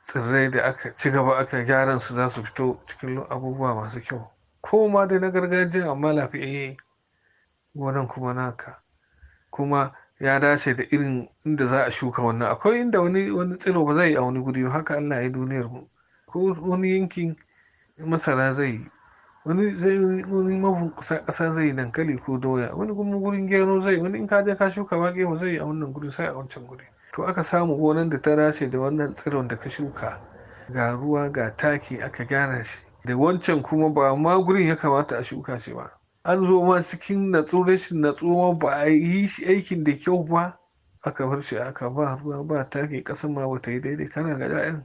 Speaker 11: tsirrai da aka ci gaba aka gyaran su za su fito cikin abubuwa masu kyau ko ma dai na gargajiya amma lafiyayye gonan kuma naka kuma ya dace da irin inda za a shuka wannan akwai inda wani wani tsiro ba zai yi a wani guri haka Allah ya duniyar mu ko wani yankin masara zai yi wani zai wani mafi kasa zai yi dankali ko doya wani kuma gurin gero zai wani in ka je ka shuka ma gero zai a wannan gurin sai a wancan gurin to aka samu gonan da ta dace da wannan tsiron da ka shuka ga ruwa ga taki aka gyara shi da wancan kuma ba ma gurin ya kamata a shuka shi ba an zo ma cikin natsu rashin natsuwa ba a yi shi aikin da kyau ba aka bar shi aka ba ruwa ba taki kasan ma bata yi daidai kana ga 'ya'yan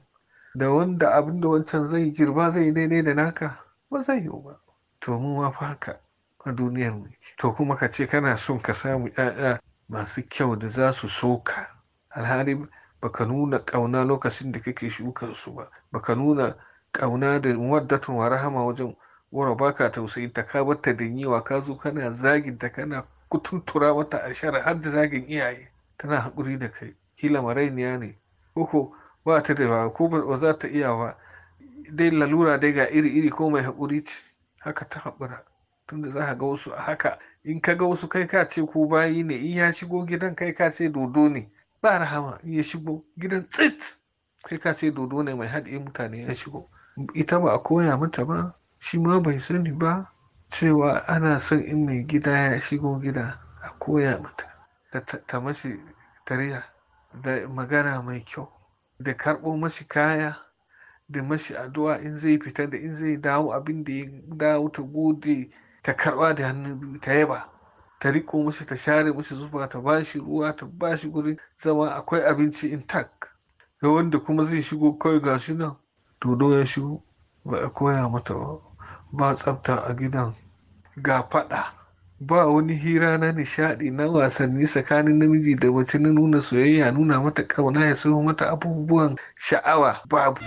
Speaker 11: da wanda abin da wancan zai girba zai yi daidai da naka ba zai yiwu ba to mu ma fa haka a duniyar mu to kuma ka ce kana son ka samu ƴaƴa masu kyau da za su soka alhali baka nuna ƙauna lokacin da kake shukar su ba baka nuna ƙauna da muwaddatun wa rahama wajen wara baka tausayin ta ka batta da yiwa ka zo kana zagin ta kana kututtura mata a shara har da zagin iyaye tana haƙuri da kai kila marainiya ne koko ba ta da ba ko ba za ta iya ba dai lalura dai ga iri-iri ko mai haƙuri ce haka ta haƙura tunda za ka ga wasu a haka in ka ga wasu kai ka ce ko bayi ne in ya shigo gidan kai ka ce dodo ne ba rahama in ya shigo gidan tsit kai ka ce dodo ne mai haɗe mutane ya shigo ita ba a koya mata ba shi ma bai sani ba cewa ana son in mai gida ya shigo gida a koya mata da ta mashi tariya da magana mai kyau da karɓo mashi kaya da mashi addu'a in zai fita da in zai dawo abin da ya dawo ta gode ta karba da hannun biyu ta yaba ta riko mashi ta share mashi zufa ta bashi ruwa ta bashi gurin zama akwai abinci intact ga wanda kuma zai shigo kawai ga shi nan dodo ya shigo ba a koya mata ba tsafta a gidan ga faɗa. ba wani hira na nishaɗi na wasanni tsakanin namiji da mace na nuna soyayya nuna mata ƙauna ya sayo mata abubuwan sha'awa babu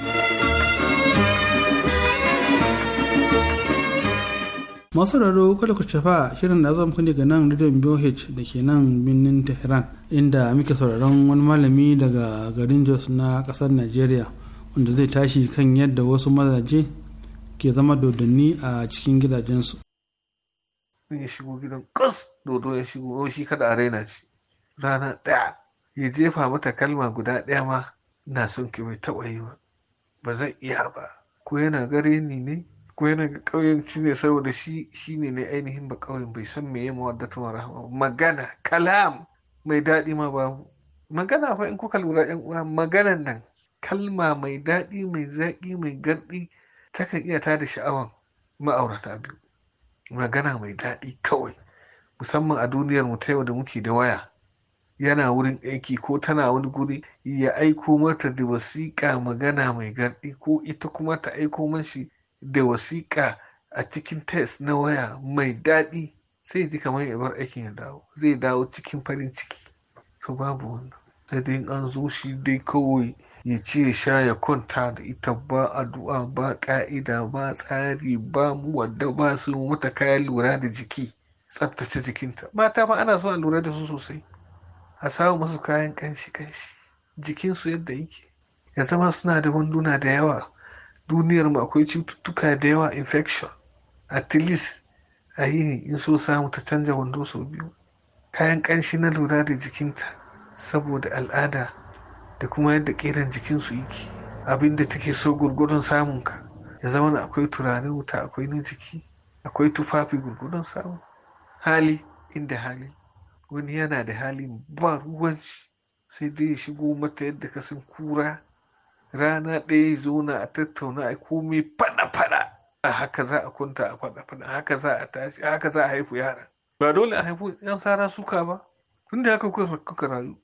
Speaker 2: masu raro kada ku cefa shirin da zan daga ga nan rediyon BOH da ke nan birnin Tehran inda muke sauraron wani malami daga garin Jos na ƙasar Najeriya wanda zai tashi kan yadda wasu mazaje ke zama dodanni a cikin gidajensu.
Speaker 11: ya shigo gidan kus dodo ya shigo shi kada a raina ce rana ɗaya ya jefa mata kalma guda ɗaya ma na son ki bai taɓa yi ba ba zan iya ba ko yana gare ni ne ko yana ga ƙauyen shi ne saboda shi shi ne ne ainihin ba ƙauyen bai san me ya mawaddatu rahama magana kalam mai daɗi ma ba magana fa in kuka lura yan uwa maganan nan kalma mai daɗi mai zaƙi mai garɗi takan iya tada sha'awan ma'aurata biyu magana mai daɗi kawai musamman a duniyar mu ta yau da muke da waya yana wurin aiki ko tana wani guri ya aiko mata da wasiƙa magana mai garɗi ko ita kuma ta aiko mashi da wasiƙa a cikin test na waya mai daɗi sai ji kamar ya bar aikin ya dawo zai dawo cikin farin ciki to babu wannan sai dai an zo shi dai kawai ya ce, ya sha ya kwanta da ita ba addu'a ba ka'ida ba tsari ba mu wanda ba su mata kaya lura da jiki tsabtace jikinta mata ma ana so a lura da su sosai a samu musu kayan kanshi kanshi jikinsu yadda yake ya zama suna da wanduna da yawa duniyar mu akwai cututtuka da yawa infection at least a yi in so samu ta canja wando sau biyu kayan ƙanshi na lura da jikinta saboda al'ada da kuma yadda ƙeran su yake abin da take so gurgurun samun ka ya zama akwai turaren wuta akwai na jiki akwai tufafi gurgurun samu hali inda hali wani yana da hali ba ruwan shi sai dai ya shigo mata yadda ka san kura rana ɗaya ya zo na a tattauna a komai faɗa-faɗa a haka za a kwanta a faɗa-faɗa a haka za a tashi a haka za a haifu yara ba dole a haifu yan sara suka ba Tunda da haka kuka rayu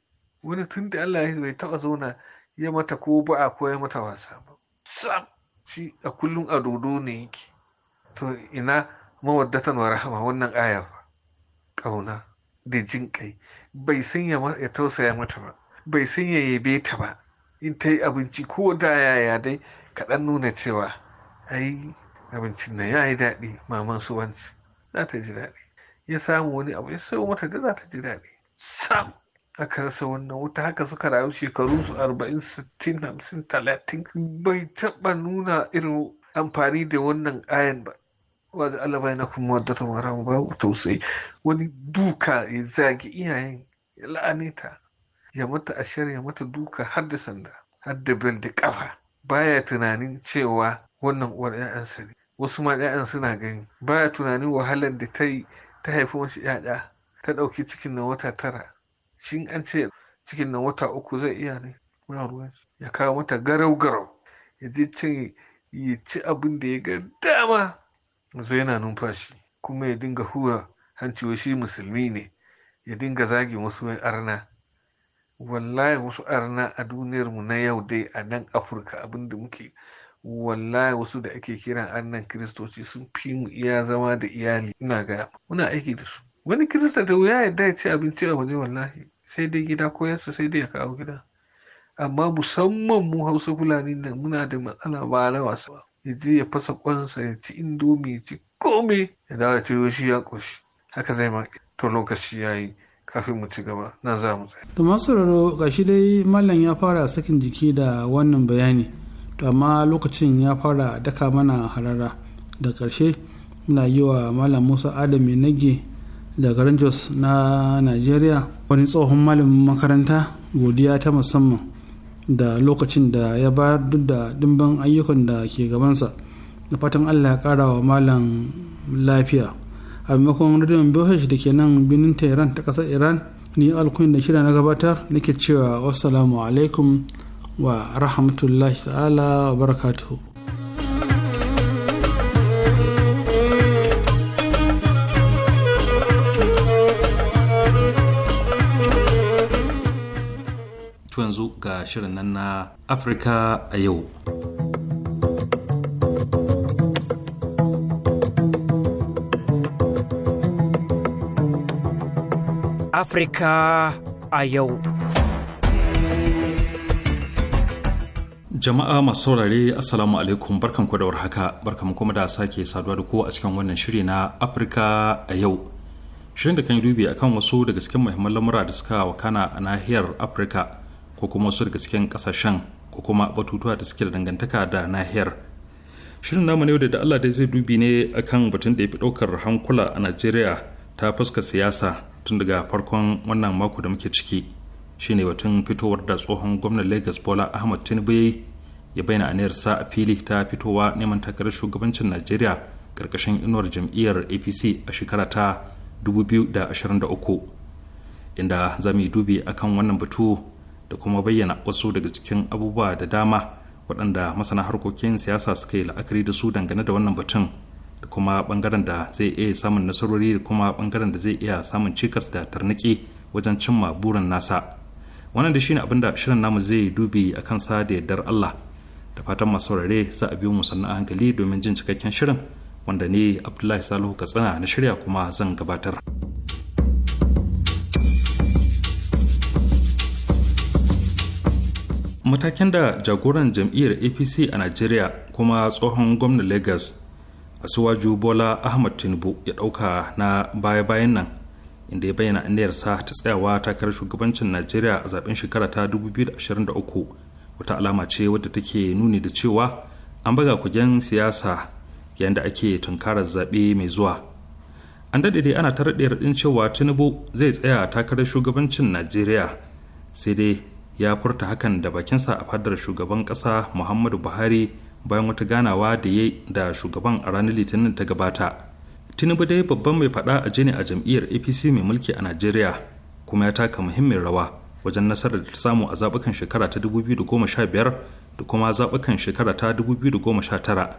Speaker 11: wani tun da Allah ya bai taɓa zauna ya mata ko ba a ko ya mata wasa ba sam shi a kullum a dodo ne yake to ina mawaddatan wa rahama wannan aya ba ƙauna da jin kai bai san ya tausaya mata ba bai san ya yabe ta ba in ta yi abinci ko da yaya dai kaɗan nuna cewa ai abincin nan ya yi daɗi maman su za ta ji daɗi ya samu wani abu ya sayo mata da za ta ji daɗi sam aka rasa wannan wuta haka suka rayu shekaru su arba'in sittin hamsin talatin bai taɓa nuna irin amfani da wannan ayan ba wajen alabai na kuma wadda ta mara tausayi wani duka ya zagi iyayen ya la'ane ta ya mata ashar ya mata duka har da sanda har da da kafa baya tunanin cewa wannan uwar 'ya'yansa ne wasu ma 'ya'yan suna gani baya tunanin wahalar da ta yi ta haifi wasu 'ya'ya ta ɗauki cikin na wata tara shi an ce cikin nan wata uku zai iya ne muna ya kawo mata garau garau ya je can ya ci abin da ya ga dama zo yana numfashi kuma ya dinga hura hanci shi musulmi ne ya dinga zagi wasu arna wallahi wasu arna a duniyar mu na yau dai a nan afirka abin da muke wallahi wasu da ake kiran annan kiristoci sun fi mu iya zama da iyali ina gaya muna aiki da su wani kirista da wuya ya ya ci abinci a waje wallahi sai dai gida ko yasa sai dai ya kawo gida amma musamman mu hausa fulani na muna da matsala ba na wasa ba ya je ya fasa kwansa ya ci
Speaker 2: indomi ya ci
Speaker 11: komai. ya dawo ya shi ya ƙoshi haka zai ma to lokaci ya yi kafin mu ci gaba na za mu tsaye.
Speaker 2: to masu raro gashi dai mallam ya fara sakin jiki da wannan bayani to amma lokacin ya fara daka mana harara da karshe muna yi wa malam musa adam nage daga garin jos na nigeria wani tsohon malamin makaranta godiya ta musamman da lokacin da ya ba duk da dimbin ayyukan da ke gabansa da fatan allah ya kara wa malam lafiya a maimakon radiyon bihosh da ke nan birnin tehran ta kasar iran ni alkun da shida na gabatar nake cewa wassalamu alaikum wa rahmatullahi ta'ala wa barakatuhu
Speaker 1: To yanzu ga shirin nan na Afirka a yau.
Speaker 4: Afirka a yau.
Speaker 1: Jama'a masu saurare Assalamu alaikum barkanku da warhaka barkanku kuma da sake saduwa da kowa a cikin wannan shiri na Afirka a yau. Shirin da kan yi dubi akan wasu daga cikin muhimman lamura da suka wakana a nahiyar Afirka ko kuma wasu daga cikin kasashen ko kuma batutuwa da suke da dangantaka da nahiyar shirin namu ne da allah dai zai dubi ne akan batun da ya fi ɗaukar hankula a najeriya ta fuska siyasa tun daga farkon wannan mako da muke ciki shine batun fitowar da tsohon gwamnan lagos bola ahmad tinubu ya bayyana sa a fili ta fitowa neman takarar shugabancin najeriya karkashin inuwar jam'iyyar apc a shekara ta 2023 inda za mu yi dubi akan wannan batu da kuma bayyana wasu daga cikin abubuwa da dama waɗanda masana harkokin siyasa suka yi la'akari da su dangane da wannan batun da kuma ɓangaren da zai iya samun nasarori da kuma ɓangaren da zai iya samun cikas da tarnaki wajen cimma burin nasa wannan da shine abin da shirin namu zai dubi a kan sa da yardar Allah da fatan masu saurare za a biyo mu sannan hankali domin jin cikakken shirin wanda ni Abdullahi Salihu Katsina na shirya kuma zan gabatar. matakin da jagoran jam'iyyar apc a najeriya kuma tsohon gwamnan lagos asuwaju bola ahmad tinubu ya dauka na baya-bayan nan inda ya bayyana aniyarsa ta tsayawa takarar shugabancin najeriya a zaben shekara ta 2023 wata alama ce wadda take nuni da cewa an baga kujen siyasa yayin da ake tunkarar zaɓe mai zuwa an daɗe dai ana ta raɗin cewa tinubu zai tsaya takarar shugabancin najeriya sai dai ya furta hakan da bakinsa a fadar shugaban kasa muhammadu buhari bayan wata ganawa da ya da shugaban a ranar litinin ta gabata tinubu dai babban mai fada a jini a jam'iyyar apc mai mulki a najeriya kuma ya taka muhimmin rawa wajen nasarar da ta samu a zabukan shekara ta 2015 da kuma zaɓukan shekara ta 2019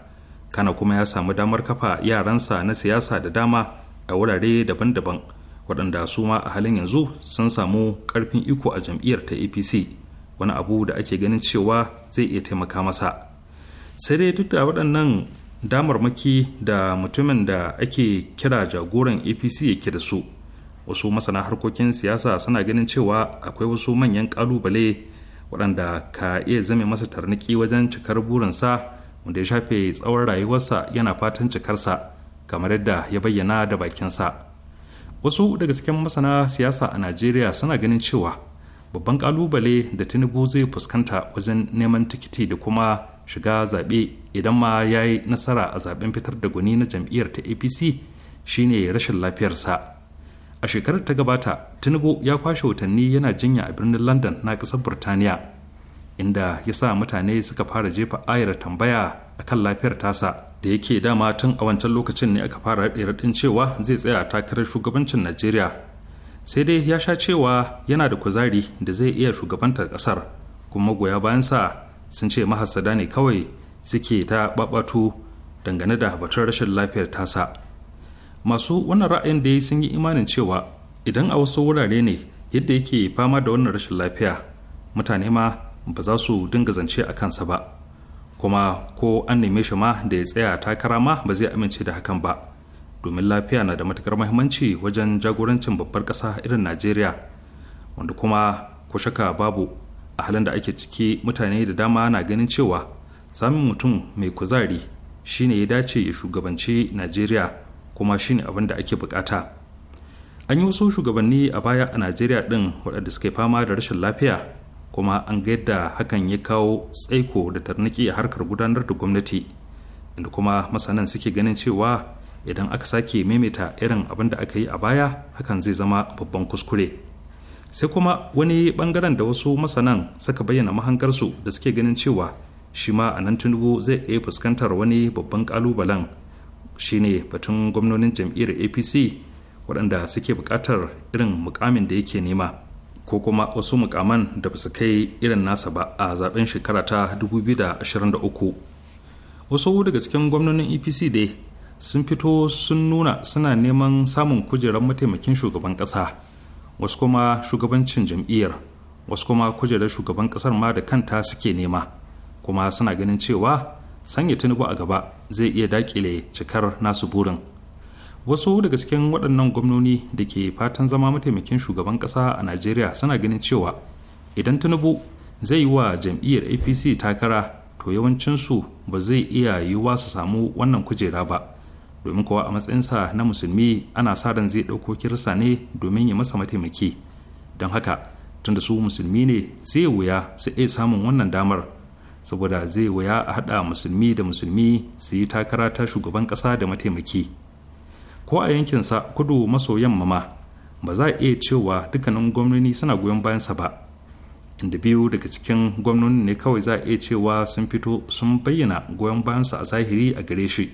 Speaker 1: kana kuma ya samu damar kafa yaransa na siyasa da dama a wurare daban-daban waɗanda su ma a halin yanzu sun samu ƙarfin iko a jam'iyyar ta apc wani abu da ake ganin cewa zai iya taimaka masa sai dai duk da waɗannan damarmaki da mutumin da ake kira jagoran apc yake da su wasu masana harkokin siyasa suna ganin cewa akwai wasu manyan ƙalubale waɗanda ka iya zame masa tarniki wajen cikar burinsa wanda ya shafe tsawon rayuwarsa yana fatan cikarsa kamar yadda ya bayyana da bakinsa. wasu daga cikin masana siyasa a najeriya suna ganin cewa babban kalubale da tinubu zai fuskanta wajen neman tikiti da kuma shiga zaɓe idan ma ya yi nasara a zaɓen fitar da gwani na jam'iyyar ta apc shine rashin lafiyarsa a shekarar ta gabata tinubu ya kwashe watanni yana jinya a birnin london na ƙasar burtaniya inda ya sa mutane suka fara jefa ayar tambaya akan lafiyar tasa da yake dama tun a wancan lokacin ne aka fara raɗin cewa zai tsaya takarar shugabancin najeriya sai dai ya sha cewa yana da kuzari da zai iya shugabantar ƙasar kuma magoya bayansa sun ce mahasada ne kawai suke ta ɓaɓɓatu dangane da batun rashin lafiyar tasa masu wannan ra'ayin da ya sun yi imanin cewa idan a wasu wurare ne yadda yake fama da wannan rashin lafiya mutane ma ba za su dinga zance a kansa ba kuma ko an neme shi ma da ya tsaya takara ma ba zai amince da hakan ba domin lafiya na da matukar mahimmanci wajen jagorancin babbar ƙasa irin najeriya wanda kuma ko shaka babu a halin da ake ciki mutane da dama na ganin cewa samun mutum mai kuzari shine ya dace ya shugabanci najeriya kuma shine abin da ake bukata an yi wasu shugabanni a baya a najeriya din waɗanda suka yi fama da rashin lafiya kuma an ga yadda hakan ya kawo tsaiko da tarniki a harkar gudanar da gwamnati inda kuma masanan suke ganin cewa idan aka sake maimaita irin abin da aka yi a baya hakan zai zama babban kuskure sai kuma wani bangaren da wasu masanan suka bayyana mahangarsu da suke ganin cewa shi ma a nan tunubu zai iya fuskantar wani babban kalubalen shine batun gwamnonin jam'iyyar apc waɗanda suke buƙatar irin mukamin da yake nema ko kuma wasu mukaman da ba su kai irin nasa ba a zaben shekara ta 2023 wasu daga cikin gwamnonin epc dai sun fito sun nuna suna neman samun kujerar mataimakin shugaban kasa wasu kuma shugabancin jam'iyyar wasu kuma kujerar shugaban kasar ma da kanta suke nema kuma suna ganin cewa sanya tinubu a gaba zai iya dakile cikar nasu burin wasu daga cikin waɗannan gwamnoni da ke fatan zama mataimakin shugaban ƙasa a najeriya suna ganin cewa idan tinubu zai yi wa jam'iyyar apc takara to yawancinsu ba zai iya yiwuwa su samu wannan kujera ba domin kuwa a matsayinsa na musulmi ana sa ran zai ɗauko kirsa ne domin ya masa mataimaki don haka tunda su musulmi ne zai wuya su iya samun wannan damar saboda zai wuya a haɗa musulmi da musulmi su yi takara ta shugaban ƙasa da mataimaki ko a yankinsa kudu maso yamma ma ba za a iya cewa dukkanin gwamnoni suna goyon bayansa ba inda biyu daga cikin gwamnoni ne kawai za a iya cewa sun fito sun bayyana goyon bayansa a zahiri a gare shi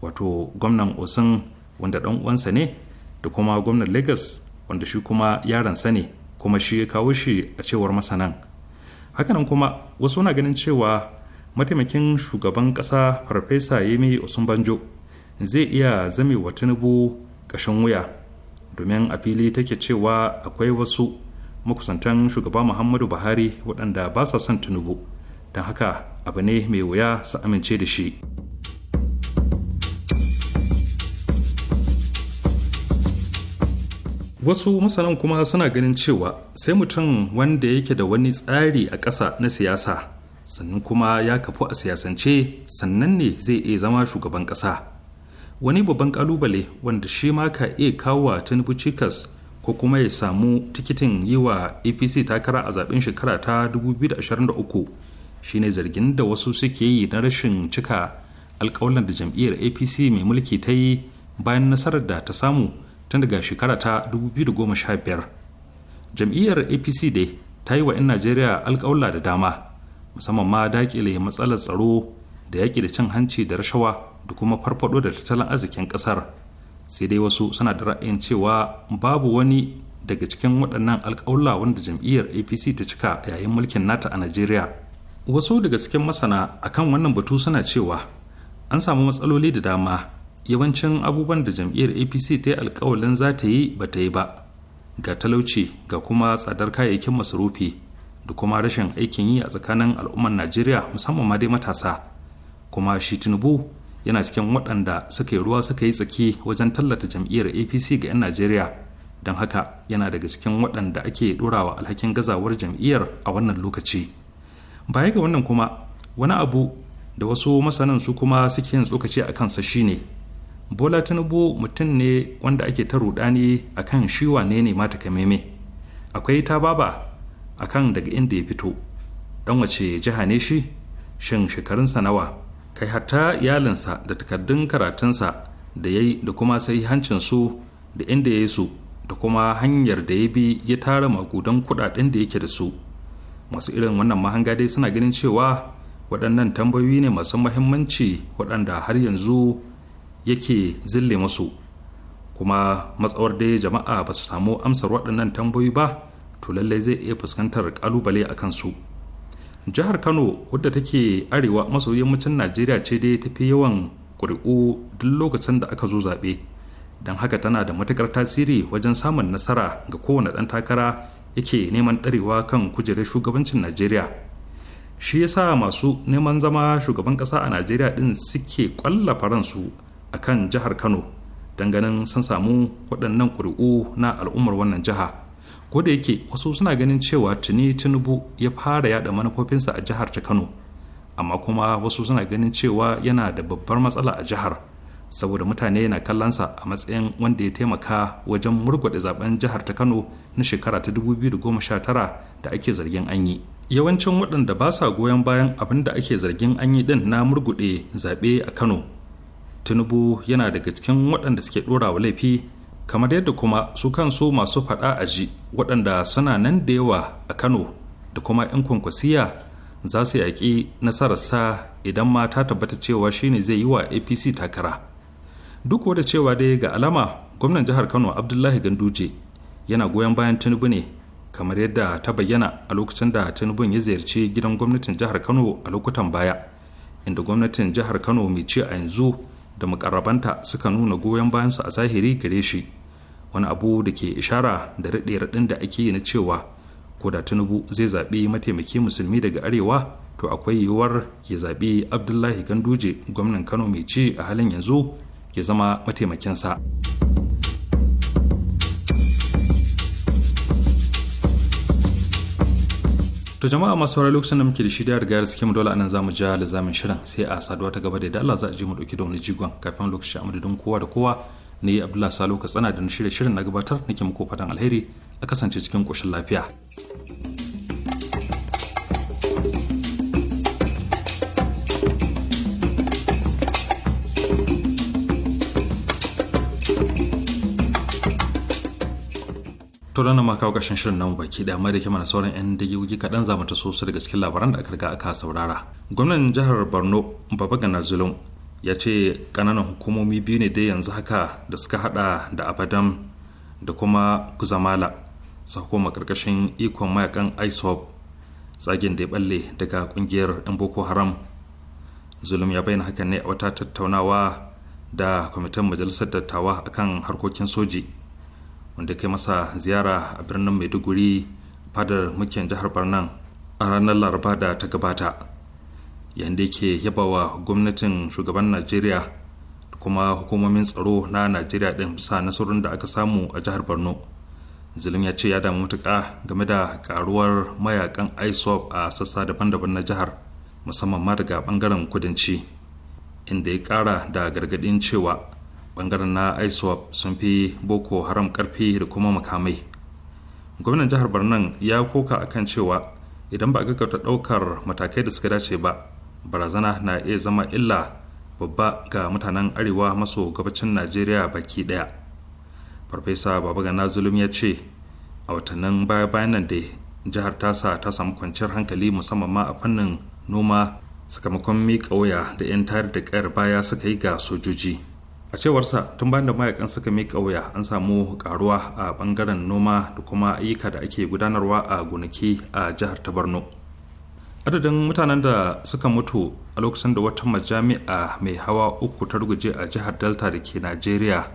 Speaker 1: wato gwamnan osun wanda dan uwansa ne da kuma gwamnan lagos wanda shi kuma yaransa ne kuma shi ya kawo shi a cewar masanan hakanan kuma wasu na ganin cewa mataimakin shugaban kasa farfesa yemi banjo. zai iya zame wa tinubu ƙashin wuya domin a fili take cewa akwai wasu makusantan shugaba muhammadu buhari waɗanda ba sa son tinubu don haka abu ne mai wuya su amince da shi wasu masanan kuma suna ganin cewa sai mutum wanda yake da wani tsari a ƙasa na siyasa sannan kuma ya kafu a siyasance sannan ne zai iya zama shugaban ƙasa wani babban kalubale wanda shi ma ka iya kawo wa tinubu cikas ko kuma ya samu tikitin yi wa apc takara a zaben shekara ta 2023 shine zargin da wasu suke yi na rashin cika alkawalan da jam'iyyar apc mai mulki ta yi bayan nasarar da ta samu tun daga shekara ta 2015 jam'iyyar apc dai ta yi wa 'yan najeriya alkawalla da dama musamman ma dakile matsalar tsaro da yaƙi da cin hanci da rashawa da kuma farfado da tattalin arzikin kasar sai dai wasu suna da ra'ayin cewa babu wani daga cikin waɗannan alƙawla wanda jam'iyyar apc ta cika yayin mulkin nata a najeriya wasu daga cikin masana akan wannan batu suna cewa an samu matsaloli da dama yawancin abubuwan da jam'iyyar apc ta yi alƙawalin za ta yi ba ta yi ba ga talauci ga kuma tsadar kayayyakin masarufi da kuma rashin aikin yi a tsakanin al'ummar najeriya musamman ma dai matasa kuma shi tinubu yana cikin waɗanda suka yi ruwa suka yi tsaki wajen tallata jam'iyyar apc ga 'yan najeriya don haka yana daga cikin waɗanda ake ɗorawa alhakin gazawar jam'iyyar a wannan lokaci baya ga wannan kuma wani abu da wasu masanan su kuma suke yin tsokaci a kansa shine bola tinubu mutum ne wanda ake ta rudani a kan shi wane ne mata kameme akwai ta baba a kan daga inda ya fito ɗan wace jiha ne shi shin shekarunsa nawa kai hatta iyalinsa da takardun karatunsa da ya da kuma sai hancinsu da inda ya yi su da kuma hanyar da ya bi ya tara makudan kudaden da yake da su masu irin wannan mahanga dai suna ganin cewa waɗannan tambayoyi ne masu mahimmanci waɗanda har yanzu yake zille masu kuma matsawar dai jama'a ba su samu amsar waɗannan tambayoyi ba to lallai zai iya fuskantar kalubale a kansu. su jihar kano wadda take arewa maso yammacin najeriya ce dai ta fi yawan ƙuri'u duk lokacin da aka zo zaɓe don haka tana da matukar tasiri wajen samun nasara ga kowane ɗan takara yake neman ɗarewa kan kujerar shugabancin najeriya shi yasa masu neman zama shugaban ƙasa a najeriya ɗin suke ƙwallafa ransu a kan jihar kano don ganin sun samu waɗannan ƙuri'u na al'ummar wannan jiha ko yake wasu suna ganin cewa tuni tinubu ya fara yada manufofinsa a jihar ta kano amma kuma wasu suna ganin cewa yana da babbar matsala a jihar saboda mutane na kallonsa a matsayin wanda ya taimaka wajen murgwada zaben jihar ta kano na shekara ta 2019 da ake zargin an yi yawancin waɗanda ba sa goyon bayan abin da ake zargin an yi din na murgude zaɓe a kano tinubu yana daga cikin waɗanda suke ɗora wa laifi kamar yadda kuma su kansu masu faɗa a ji waɗanda suna nan da yawa a kano da kuma 'yan kwankwasiya za su yaƙi nasararsa idan ma ta tabbata cewa shine zai yi wa apc takara duk wadda cewa dai ga alama gwamnan jihar kano abdullahi ganduje yana goyon bayan tinubu ne kamar yadda ta bayyana a lokacin da tinubu ya ziyarci gidan gwamnatin jihar kano a lokutan baya inda gwamnatin jihar kano mai ce a yanzu da makarrabanta suka nuna goyon bayansu a zahiri gare shi wani abu da ke ishara da raɗe raɗin da ake yi na cewa ko da tinubu zai zaɓi mataimaki musulmi daga arewa to akwai yiwuwar ya zaɓi abdullahi ganduje gwamnan kano mai ci a halin yanzu ya zama mataimakinsa. to jama'a masu saurari lokacin da muke da shi da riga da suke mu dole anan zamu ja zamin shirin sai a saduwa ta gaba da da Allah za a je mu dauki da wani jigon kafin lokaci lokacin don kowa da kowa ne Abdullahi Salo ka tsana da na shirye shirin na gabatar nake muku fatan alheri a kasance cikin koshin lafiya. tura na kawo ƙarshen shirin namu baki da mai da ke mana sauran 'yan dagiyoyi kaɗan za mu taso su daga cikin labaran da aka riga aka saurara gwamnan jihar borno baba gana zulum ya ce ƙananan hukumomi biyu ne dai yanzu haka da suka haɗa da abadam da kuma kuzamala su hukuma ƙarƙashin ikon mayakan isop tsagen da ya balle daga ƙungiyar 'yan boko haram zulum ya bayyana hakan ne a wata tattaunawa da kwamitin majalisar dattawa akan harkokin soji wanda kai masa ziyara a birnin maiduguri fadar mukin jihar barnan a ranar laraba da ta gabata yadda yake yabawa gwamnatin shugaban najeriya da kuma hukumomin tsaro na najeriya din sa nasarorin da aka samu a jihar borno zulum ya ce ya damu matuƙa game da karuwar mayakan isop a sassa daban-daban na jihar musamman ma daga bangaren kudanci inda ya kara da gargaɗin cewa bangaren na iswap sun fi boko haram karfi da kuma makamai gwamnan jihar barnan ya koka kan cewa idan ba a gaggauta daukar matakai da suka dace ba barazana na iya zama illa babba ga mutanen arewa maso gabacin najeriya baki daya farfesa na zulum ya ce a watannin baya bayan nan da jihar tasa ta samu kwanciyar hankali musamman ma a fannin noma sakamakon miƙa waya da 'yan tayar da ƙayar baya suka yi ga sojoji a cewarsa tun bayan da mayakan suka miƙa wuya an samu karuwa a bangaren noma da kuma ayyuka da ake gudanarwa a gonaki a jihar ta borno adadin mutanen da suka mutu a lokacin da wata majami'a mai hawa uku ta ruguje a jihar delta da ke nigeria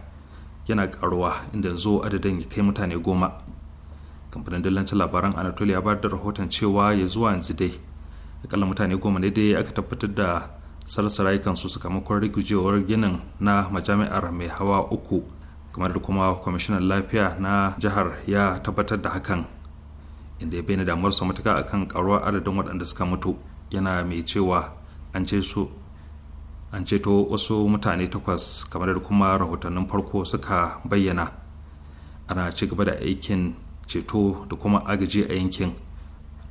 Speaker 1: yana karuwa inda zo adadin ya kai mutane goma kamfanin dillancin labaran anatolia ya bayar da rahoton cewa ya zuwa yanzu dai akalla mutane goma ne dai aka tabbatar da sarasa su sakamakon rigujewar ginin na majami'ar mai hawa uku kamar da kuma kwamishinan lafiya na jihar ya tabbatar da hakan inda ya bayyana su matuka akan karuwar adadin waɗanda suka mutu yana mai cewa an ce su an ceto wasu mutane takwas kamar da kuma rahotannin farko suka bayyana ana ci gaba da aikin ceto da kuma agaji a yankin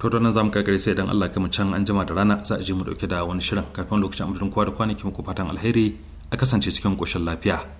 Speaker 1: to don zamu karkare sai dan Allah mu can an jima da rana za a je mu dauke da wani shirin kafin lokacin amdalin kwa da kwanaki muku fatan alheri a kasance cikin koshin lafiya